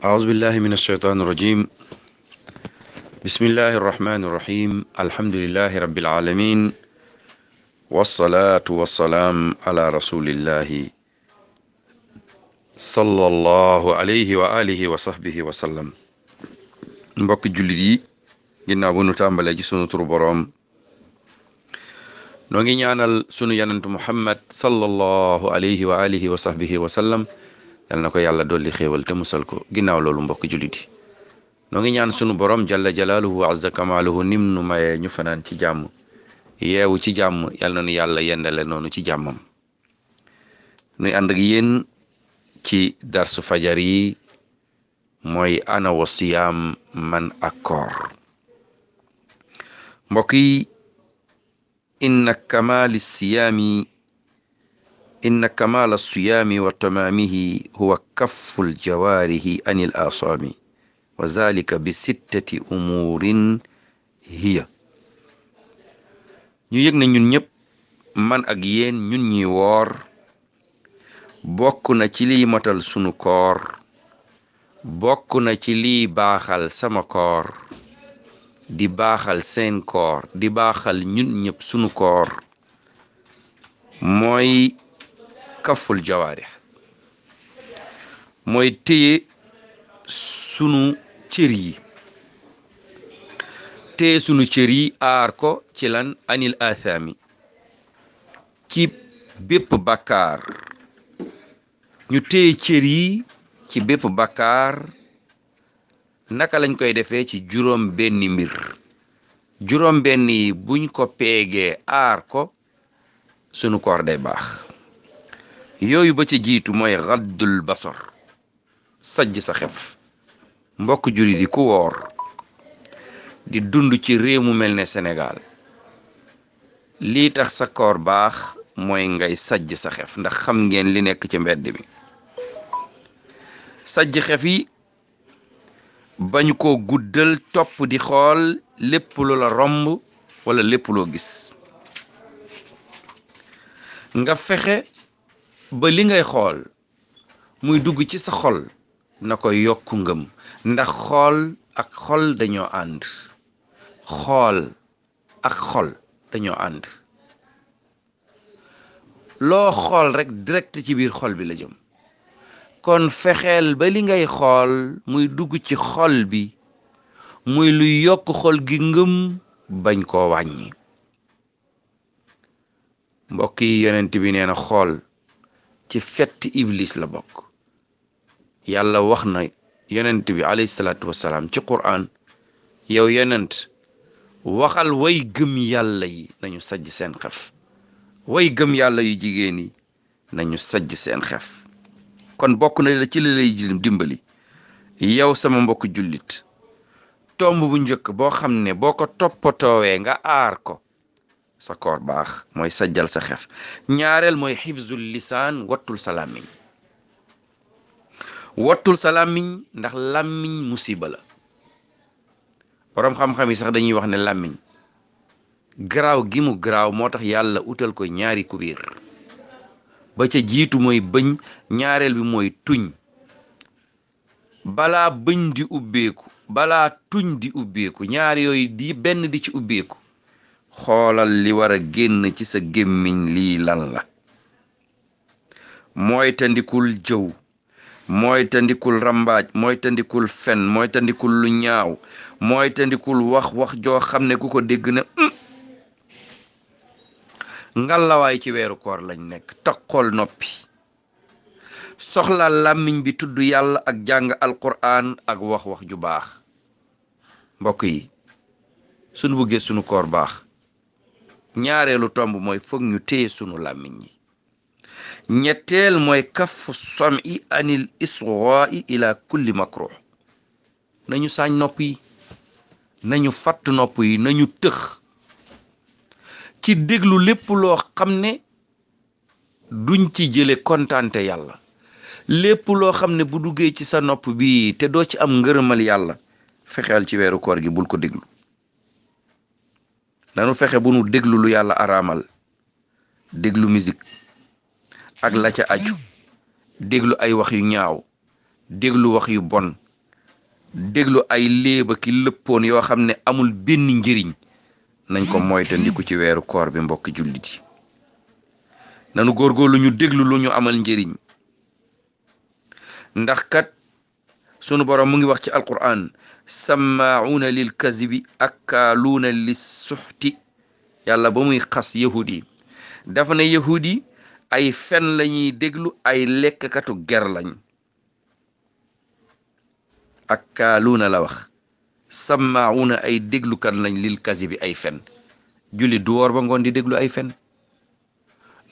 أعوذ بالله من الشيطان الرجيم بسم الله الرحمن الرحيم الحمد لله رب العالمين والصلاة والسلام على رسول الله صلى الله عليه وآله وصحبه وسلم mbokk jullit yi ginnaaw bu ci sunu turu boroom ngi ñaanal sunu yanantu Muhammad sallallahu alayhi yal na ko yàlla dolli xéewal te musal ko ginnaaw loolu mbokk jullit yi ngi ñaan sunu borom jalla jalaaluhu azza kamaaluhu nim nu mayee ñu fanaan ci jàmm yeewu ci jàmm yal nu yàlla yendale noonu ci jàmmam nuy ànd ak yéen ci darsu fajar yi mooy ana wa siyaam man ak koor mbokk yi inna kamaali siyaami inna kamaala siyaami wa tamaamihi huwa kaffu ljawaarihi ani asaami wa zalika bi sittati umuurin hiya ñu yëg na ñun ñëpp man ak yéen ñun ñi woor bokk na ci liy matal sunu koor bokk na ci liy baaxal sama koor di baaxal seen di baaxal ñun ñëpp sunu mooy kaful jawaarix mooy téye sunu cër yi téye sunu cër yi aar ko ci lan anil athami ci bépp bakkaar ñu téye cër yi ci bépp bakkaar naka lañ koy defee ci juróom benni mbir juróom benn buñ ko peegee aar ko sunu koor day baax yooyu ba ca jiitu mooy raddul basor sajj sa xef mbokk jullit yi ku woor di dund ci réew mu mel ni Sénégal lii tax sa koor baax mooy ngay sajj sa xef ndax xam ngeen li nekk ci mbedd mi sajj xef yi bañ koo guddal topp di xool lépp lu la romb wala lépp loo gis nga fexe ba li ngay xool muy dugg ci sa xol na ko yokk ngëm ndax xool ak xol dañoo ànd xool ak xol dañoo ànd loo xool rekk direkt ci biir xol bi la jëm kon fexeel ba li ngay xool muy dugg ci xol bi muy lu yokk xol gi ngëm bañ koo wàññi mbokk yi yonent bi nee na xool ci fetti iblis la bokk yàlla wax na yenent bi alayhi salaatu wassalaam ci quraan yow yonent waxal way gëm yàlla yi nañu sajj seen xef woy gëm yàlla yu jigéen yi nañu sajj seen xef kon bokk na la ci li lay dimbali yow sama mbokk jullit tomb bu njëkk boo xam ne boo ko toppatoowee nga aar ko sa koor baax mooy sajjal sa xef ñaareel mooy xifzul lisaan wattul sa làmmiñ wattul sa làmmiñ ndax làmmiñ musiba la boroom xam-xam yi sax dañuy wax ne làmmiñ graaw gimu mu garaaw moo tax yàlla utal koy ñaari kubiir ba ca jiitu mooy bëñ ñaareel bi mooy tuñ balaa bëñ di ubbeeku balaa tuñ di ubbeeku ñaar yooyu di benn di ci ubbeeku xoolal li war a génn ci sa gémmiñ lii lan la mooy tandikul jëw mooy tandikul rambaaj mooy tandikul fen mooy tandikul lu ñaaw mooy tandikul wax wax joo xam ne ku ko dégg na mm. ngalawaay ci weeru koor lañ nekk toqol noppi soxla làmmiñ bi tudd yàlla ak jàng alquran ak wax wax ju baax mbokk yi sunu buggee sunu koor baax ñaareelu tomb mooy foog ñu téye sunu làmmiñ yi ñetteel mooy kafu sami anil isra'i ila kulli makruh nañu saañ nopp yi nañu fatt nopp yi nañu tëx ci déglu lépp loo xam ne duñ ci jële kontaante yàlla lépp loo xam ne bu duggee ci sa nopp bi te doo ci am ngërëmal yàlla fexeel ci weeru koor gi bul ko déglu nanu fexe bu nu déglu lu yàlla araamal déglu musique ak la ca aju déglu ay wax yu ñaaw déglu wax yu bon déglu ay léeba ki lëppoon yoo xam ne amul benn njëriñ nañ ko moytandiku ci weeru koor bi mbokki jullit yi nanu góorgóorlu ñu déglu lu ñu amal njëriñ ndax sunu borom mu ngi wax ci alquran sammaacuuna lil kazibi akkaaluuna lis suxti yàlla ba muy xas yahud yi dafa ne yahud ay fen lañuy déglu ay lekkatu ger lañ ak akkaaluuna la wax sammaacuuna ay déglukat lañ lil kazibi ay fen jullit du ba ngoon di déglu ay fen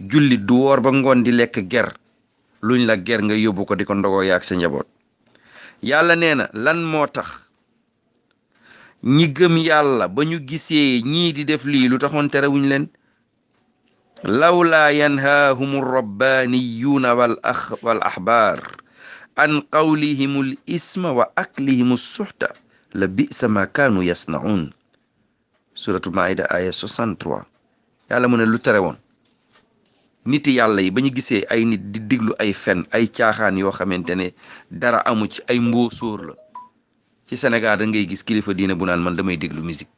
julli du woor ba ngoon di lekk ger luñ ger nga yóbbu ko di ko ndogoo yaag sa njaboot yàlla nee na lan moo tax ñi gëm yàlla ba ñu gisee ñii di def lii lu taxoon terewuñ leen lawlaa yanhaahum rabbaaniyuuna wal ax wal axbaar an qawlihim al isma wa aklihim suxta la bisa ma kaanu yasnaun suratu maida aya 63 yàlla mu ne lu terewoon nit yàlla yi ba ñu gisee ay nit di diglu ay fen ay caaxaan yoo xamante ne dara amu ci ay mboosóor la ci Sénégal rek ngay gis kilifa diine bu naan man damay diglu musique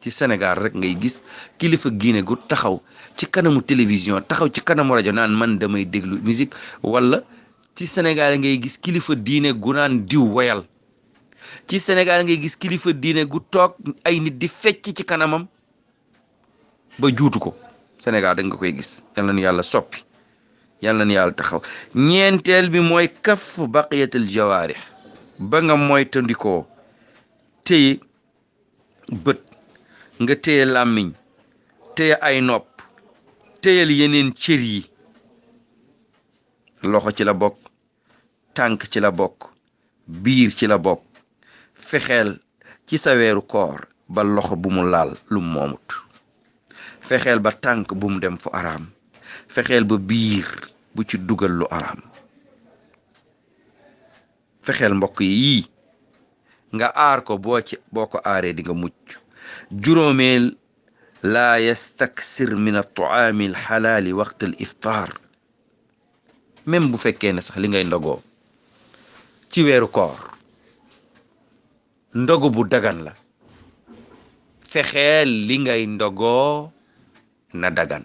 ci Sénégal rek ngay gis kilifa diine gu taxaw ci kanamu télévision taxaw ci kanamu rajo naan man damay déglu musique wala ci Sénégal ngay gis kilifa diine gu naan diw woyal ci Sénégal ngay gis kilifa diine gu toog ay nit di fecc ci kanamam ba juutu ko Sénégal da nga koy gis yal nañu yàlla soppi yal nañu yàlla taxaw ñeenteel bi mooy kaf baqiyatul jawaarih ba nga moytandikoo téye bët nga téye làmmiñ téye ay nopp téyel yeneen cër yi loxo ci la bokk tànk ci la bokk biir ci la bokk fexeel ci sa weeru koor ba loxo bu mu laal lu moomut fexeel ba tànk bu mu dem fu araam fexeel ba biir bu ci dugal lu araam fexeel mbokk yii nga aar ko boo ci boo ko aaree di nga mucc juróomeel laa yastaksir min altuaami alxalaali waqt al iftaar même bu fekkee ne sax li ngay ndogoo ci weeru koor ndogu bu dagan la fexeel li ngay ndogoo na dagan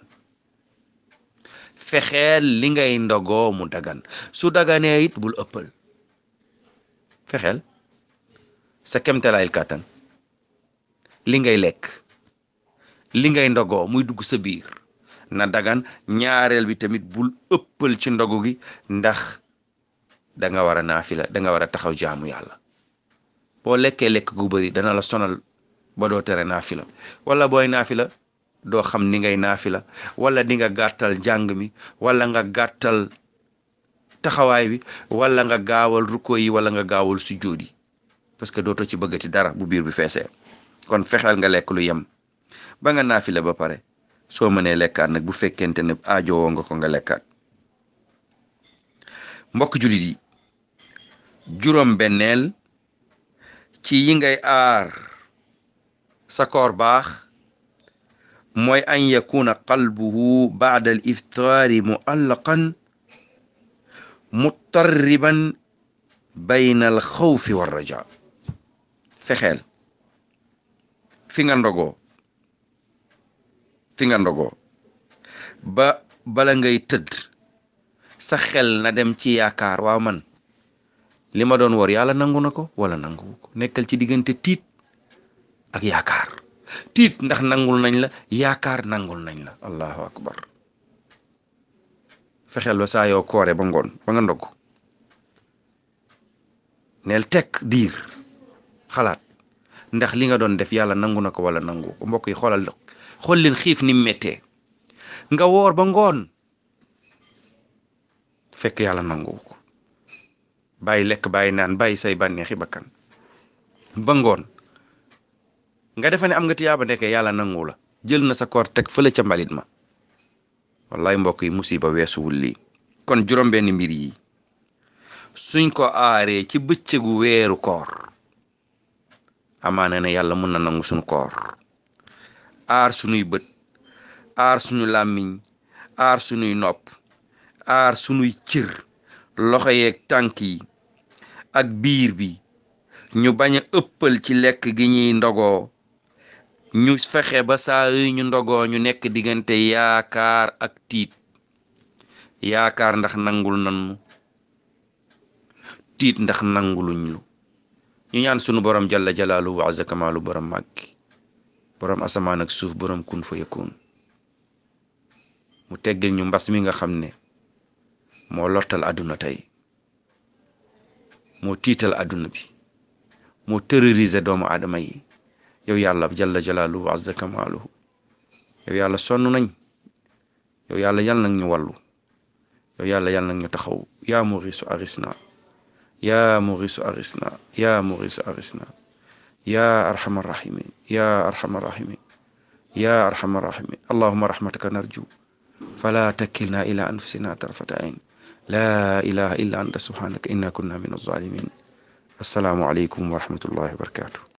fexeel li ngay ndogoo mu dagan su daganee it bul ëppal fexeel sa kemtalaayil kàttan li ngay lekk li ngay ndogoo muy dugg sa biir na dagan ñaareel bi tamit bul ëppal ci ndogu gi ndax danga war a naafila danga war a taxaw jaamu yàlla boo lekkee lekk gu bari dana la sonal ba doo tere naafila wala booy naafila doo xam ni ngay naafila wala di nga gàttal jàng mi wala nga gàttal taxawaay bi wala nga gaawal rukkoo yi wala nga gaawal sujjóot yi parce que dootoo ci bëggati dara bu biir bi feese kon fexeel nga lekk lu yem ba nga naafila ba pare soo mënee lekkaat nag bu fekkente ne aajowoo nga ko nga lekkaat mbokk jullit yi juróom benneel ci yi ngay aar sa koor baax mooy an yakuna qalbuhu baada al iftaari muallaqan mutarriban bayna al xawfi wa raja fexeel fi nga ndogoo fi nga ndogoo ba bala ngay tëdd sa xel na dem ci yaakaar waaw man li ma doon war yàlla nangu na ko wala nanguwu ko nekkal ci diggante tiit ak yaakaar tiit ndax nangul nañ la yaakaar nangul nañ la allahu akbar fexeel ba saa koore ba ngoon ba nga ndogg neel tekk diir xalaat ndax li nga doon def yàlla nangu na ko wala nangu mbokk yi xoolal xool leen xiif ni méttee nga woor ba ngoon fekk yàlla nangu ko bàyyi lekk bàyyi naan bàyyi say bànneexi bakkan ba ngoon nga defe ne am nga tiyaaba ndeke yàlla nangu la jël na sa koor teg fële ca mbalit ma wallaay mbokk yi musiba weesuwul lii kon juróom-benn mbir yi suñ ko aaree ci bëccëgu weeru koor amaana ne yàlla mun na nangu suñu koor aar suñuy bët aar suñu làmmiñ aar suñuy nopp aar suñuy cër loxo yeeg tànk yi ak biir bi ñu bañ a ëppal ci lekk gi ñuy ndogo ñu fexe ba saa yi ñu ndogoo ñu nekk diggante yaakaar ak tiit yaakaar ndax nangul nanu tiit ndax nanguluñu ñu ñaan sunu borom jalla jallaalu wa azza kamaalu borom màgg borom asamaan ak suuf boroom kun fa yakun mu teggil ñu mbas mi nga xam ne moo lottal àdduna tey moo tiital àdduna bi moo terroriser doomu aadama yi yow yàlla jalla jalaaluhu azza kamaaluhu yow yàlla sonn nañ yow yàlla yal nag ñu wàllu yow yàlla yal nag ñu taxaw yaa murisu arisna yaa murisu arisna yaa murisu arisna yaa arhamar rahimin yaa arhamar rahimin yaa arhamar rahimin allahuma rahmataka narju fala takkilna ila anfusina tarfata ayn laa ilaha illa anta subhanaka inna kunna min alzalimin assalaamu aleykum wa rahmatullahi wa barakatuh